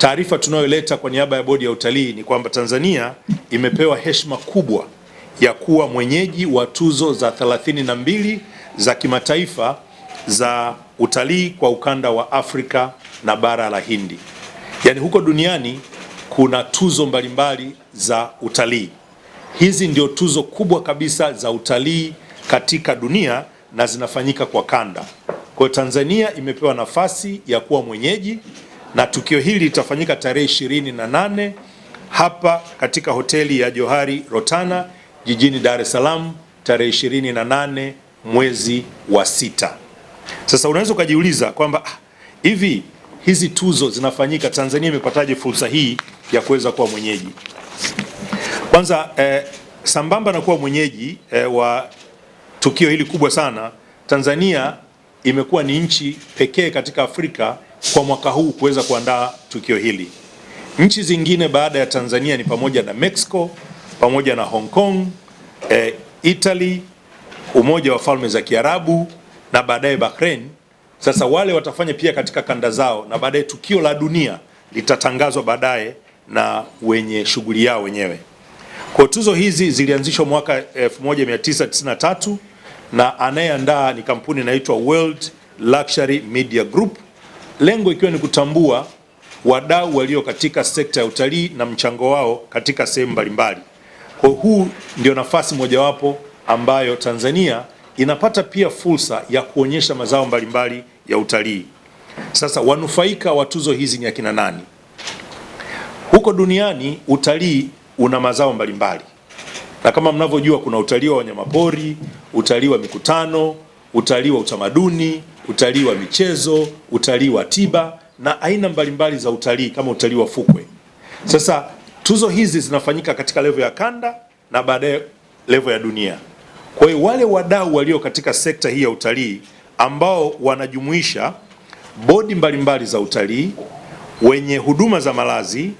Taarifa tunayoleta kwa niaba ya bodi ya utalii ni kwamba Tanzania imepewa heshima kubwa ya kuwa mwenyeji wa tuzo za 32 za kimataifa za utalii kwa ukanda wa Afrika na bara la Hindi. Yaani huko duniani kuna tuzo mbalimbali za utalii. Hizi ndio tuzo kubwa kabisa za utalii katika dunia na zinafanyika kwa kanda. Kwa hiyo Tanzania imepewa nafasi ya kuwa mwenyeji na tukio hili litafanyika tarehe ishirini na nane hapa katika hoteli ya Johari Rotana jijini Dar es Salaam tarehe ishirini na nane mwezi wa sita. Sasa unaweza ukajiuliza kwamba ah, hivi hizi tuzo zinafanyika Tanzania, imepataje fursa hii ya kuweza kuwa mwenyeji? Kwanza eh, sambamba na kuwa mwenyeji eh, wa tukio hili kubwa sana, Tanzania imekuwa ni nchi pekee katika Afrika kwa mwaka huu kuweza kuandaa tukio hili. Nchi zingine baada ya Tanzania ni pamoja na Mexico, pamoja na Hong Kong, eh, Italy, Umoja wa Falme za Kiarabu na baadaye Bahrain. Sasa wale watafanya pia katika kanda zao, na baadaye tukio la dunia litatangazwa baadaye na wenye shughuli yao wenyewe. Kwa tuzo hizi zilianzishwa mwaka 1993 na anayeandaa ni kampuni inaitwa World Luxury Media Group lengo ikiwa ni kutambua wadau walio katika sekta ya utalii na mchango wao katika sehemu mbalimbali. Kwa huu ndio nafasi mojawapo ambayo Tanzania inapata pia fursa ya kuonyesha mazao mbalimbali ya utalii. Sasa wanufaika wa tuzo hizi ni akina nani? Huko duniani utalii una mazao mbalimbali Na kama mnavyojua kuna utalii wa wanyamapori, utalii wa mikutano, utalii wa utamaduni, utalii wa michezo, utalii wa tiba na aina mbalimbali za utalii kama utalii wa fukwe. Sasa tuzo hizi zinafanyika katika levo ya kanda na baadaye levo ya dunia. Kwa hiyo wale wadau walio katika sekta hii ya utalii ambao wanajumuisha bodi mbalimbali za utalii, wenye huduma za malazi,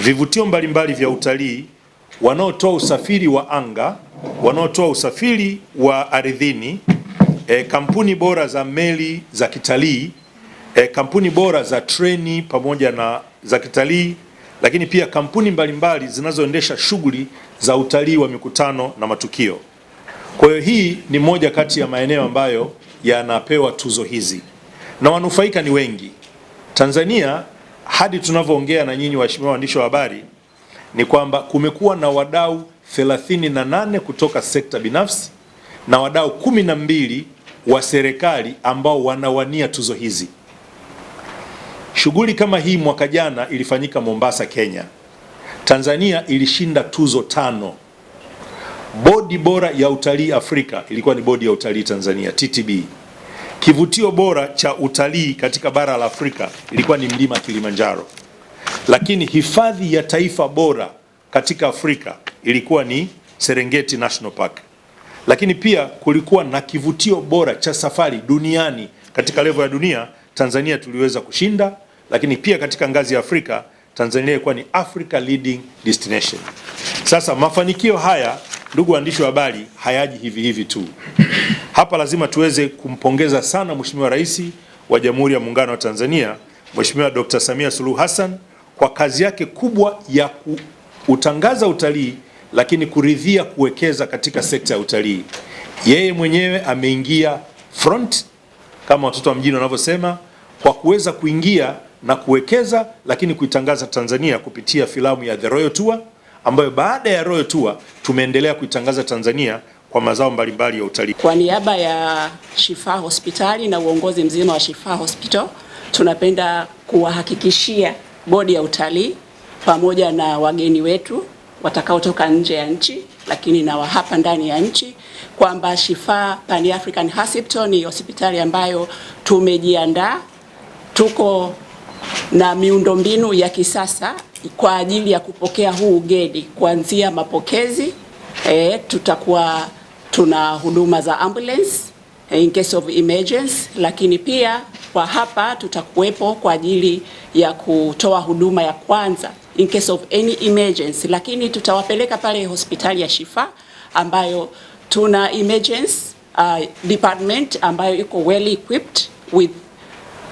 vivutio mbalimbali vya utalii, wanaotoa usafiri wa anga, wanaotoa usafiri wa ardhini e, kampuni bora za meli za kitalii e, kampuni bora za treni pamoja na za kitalii, lakini pia kampuni mbalimbali zinazoendesha shughuli za utalii wa mikutano na matukio. Kwa hiyo hii ni moja kati ya maeneo ambayo yanapewa tuzo hizi na wanufaika ni wengi. Tanzania hadi tunavyoongea na nyinyi waheshimiwa waandishi wa habari ni kwamba kumekuwa na wadau 38 kutoka sekta binafsi na wadau kumi na mbili wa serikali ambao wanawania tuzo hizi. Shughuli kama hii mwaka jana ilifanyika Mombasa, Kenya. Tanzania ilishinda tuzo tano. Bodi bora ya utalii Afrika ilikuwa ni bodi ya utalii Tanzania, TTB. Kivutio bora cha utalii katika bara la Afrika ilikuwa ni mlima Kilimanjaro, lakini hifadhi ya taifa bora katika Afrika ilikuwa ni Serengeti National Park lakini pia kulikuwa na kivutio bora cha safari duniani. Katika levo ya dunia, Tanzania tuliweza kushinda, lakini pia katika ngazi ya Afrika, Tanzania ilikuwa ni Africa leading destination. Sasa mafanikio haya, ndugu waandishi wa habari, hayaji hivi hivi tu. Hapa lazima tuweze kumpongeza sana Mheshimiwa Rais wa Jamhuri ya Muungano wa Tanzania, Mheshimiwa Dr. Samia Suluhu Hassan kwa kazi yake kubwa ya kuutangaza utalii lakini kuridhia kuwekeza katika sekta ya utalii. Yeye mwenyewe ameingia front kama watoto wa mjini wanavyosema kwa kuweza kuingia na kuwekeza, lakini kuitangaza Tanzania kupitia filamu ya The Royal Tour, ambayo baada ya Royal Tour tumeendelea kuitangaza Tanzania kwa mazao mbalimbali ya utalii. Kwa niaba ya Shifaa Hospitali na uongozi mzima wa Shifa Hospital, tunapenda kuwahakikishia bodi ya utalii pamoja na wageni wetu watakaotoka nje ya nchi, lakini na wa hapa ndani ya nchi, kwamba Shifaa Pan African Hospital ni hospitali ambayo tumejiandaa, tuko na miundombinu ya kisasa kwa ajili ya kupokea huu ugedi kuanzia mapokezi. E, tutakuwa tuna huduma za ambulance eh, in case of emergency, lakini pia kwa hapa tutakuwepo kwa ajili ya kutoa huduma ya kwanza in case of any emergency, lakini tutawapeleka pale hospitali ya Shifa ambayo tuna emergency uh, department ambayo iko well equipped with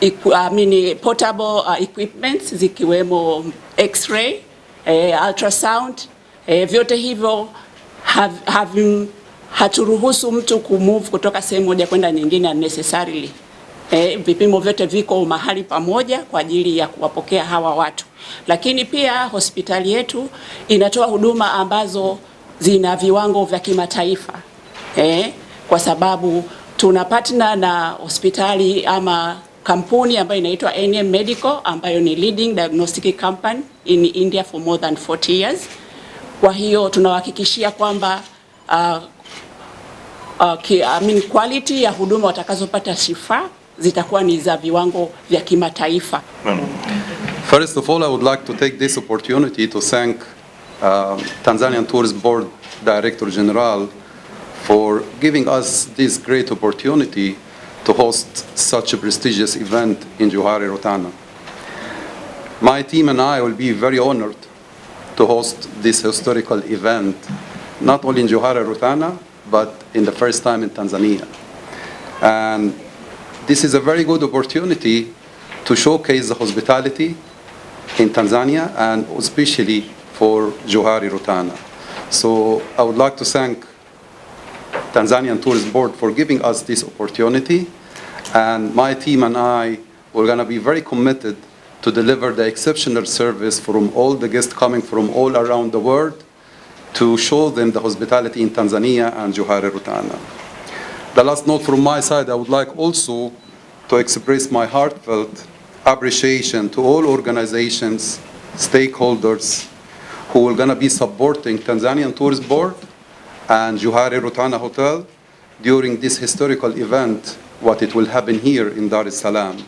I mean, eh, portable uh, equipments zikiwemo x-ray eh, ultrasound eh, vyote hivyo have, have, haturuhusu mtu kumove kutoka sehemu moja kwenda nyingine unnecessarily. E, vipimo vyote viko mahali pamoja kwa ajili ya kuwapokea hawa watu, lakini pia hospitali yetu inatoa huduma ambazo zina viwango vya kimataifa e, kwa sababu tuna partner na hospitali ama kampuni ambayo inaitwa NM Medical ambayo ni leading diagnostic company in India for more than 40 years. Kwa hiyo tunawahakikishia kwamba uh, uh, I mean, quality ya huduma watakazopata Shifa zitakuwa ni za viwango vya kimataifa. First of all, I would like to take this opportunity to thank uh, Tanzanian Tourism Board Director General for giving us this great opportunity to host such a prestigious event in Johari Rotana. My team and I will be very honored to host this historical event, not only in Johari Rotana, but in the first time in Tanzania. And this is a very good opportunity to showcase the hospitality in Tanzania and especially for Johari Rutana. So I would like to thank Tanzanian Tourism Board for giving us this opportunity and my team and I we're going to be very committed to deliver the exceptional service from all the guests coming from all around the world to show them the hospitality in Tanzania and Johari Rutana. The last note from my side, I would like also to express my heartfelt appreciation to all organizations, stakeholders who are going to be supporting Tanzanian Tourist Board and Johari Rotana Hotel during this historical event, what it will happen here in Dar es Salaam.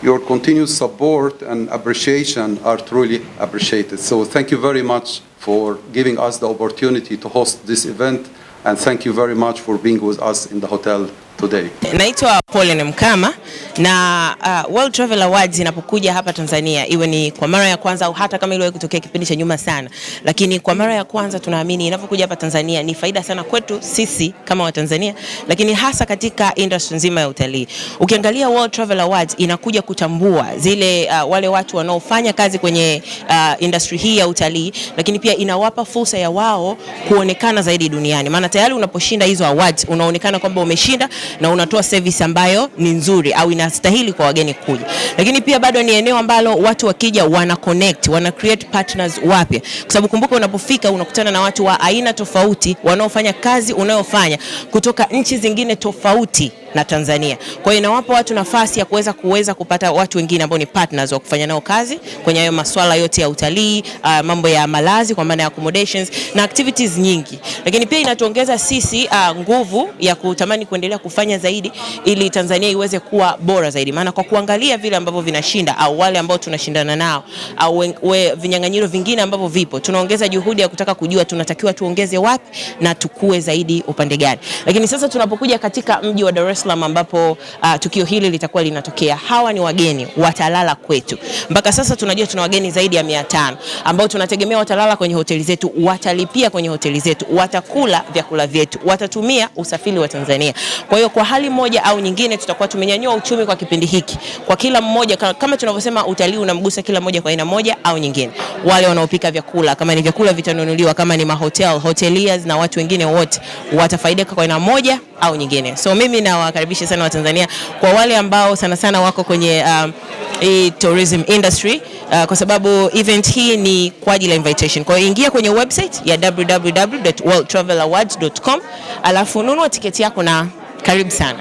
Your continued support and appreciation are truly appreciated. So thank you very much for giving us the opportunity to host this event and thank you very much for being with us in the hotel today. Naitwa Pauline Mkama na uh, World Travel Awards inapokuja hapa Tanzania, iwe ni kwa mara ya kwanza au hata kama iliwahi kutokea kipindi cha nyuma sana, lakini kwa mara ya kwanza tunaamini inapokuja hapa Tanzania ni faida sana kwetu sisi kama Watanzania, lakini hasa katika industry nzima ya utalii. Ukiangalia World Travel Awards inakuja kutambua zile uh, wale watu wanaofanya kazi kwenye uh, industry hii ya utalii, lakini pia inawapa fursa ya wao kuonekana zaidi duniani, maana tayari unaposhinda hizo awards unaonekana kwamba umeshinda na unatoa service ambayo ni nzuri au inastahili kwa wageni kuja. Lakini pia bado ni eneo ambalo watu wakija wana connect, wana create partners wapya, kwa sababu kumbuka, unapofika unakutana na watu wa aina tofauti wanaofanya kazi unayofanya kutoka nchi zingine tofauti na Tanzania. Kwa hiyo inawapa watu nafasi ya kuweza kuweza kupata watu wengine ambao ni partners wa kufanya nao kazi kwenye hayo masuala yote ya utalii, uh, mambo ya malazi kwa maana ya accommodations na activities nyingi. Lakini pia inatuongeza sisi uh, nguvu ya kutamani kuendelea kufanya zaidi ili Tanzania iweze kuwa bora zaidi. Maana kwa kuangalia vile ambavyo vinashinda au wale ambao tunashindana nao au vinyang'anyiro vingine ambavyo vipo, tunaongeza juhudi ya kutaka kujua tunatakiwa tuongeze wapi na tukue zaidi upande gani. Lakini sasa tunapokuja katika mji wa Dar es Salaam ambapo uh, tukio hili litakuwa linatokea. Hawa ni wageni watalala kwetu. Mpaka sasa tunajua tuna wageni zaidi ya 500 ambao tunategemea watalala kwenye hoteli zetu, watalipia kwenye hoteli zetu, watakula vyakula vyetu, watatumia usafiri wa Tanzania. Kwa hiyo kwa hali moja au nyingine tutakuwa tumenyanyua uchumi kwa kipindi hiki. Kwa kila mmoja kama tunavyosema utalii unamgusa kila mmoja kwa aina moja au nyingine. Wale wanaopika vyakula, kama ni vyakula vitanunuliwa, kama ni mahotel, hoteliers na watu wengine wote watafaidika kwa aina moja au nyingine. So mimi nawakaribisha sana Watanzania kwa wale ambao sana sana wako kwenye um, e tourism industry uh, kwa sababu event hii ni kwa ajili ya invitation. Kwa hiyo ingia kwenye website ya www.worldtravelawards.com alafu nunua tiketi yako na karibu sana.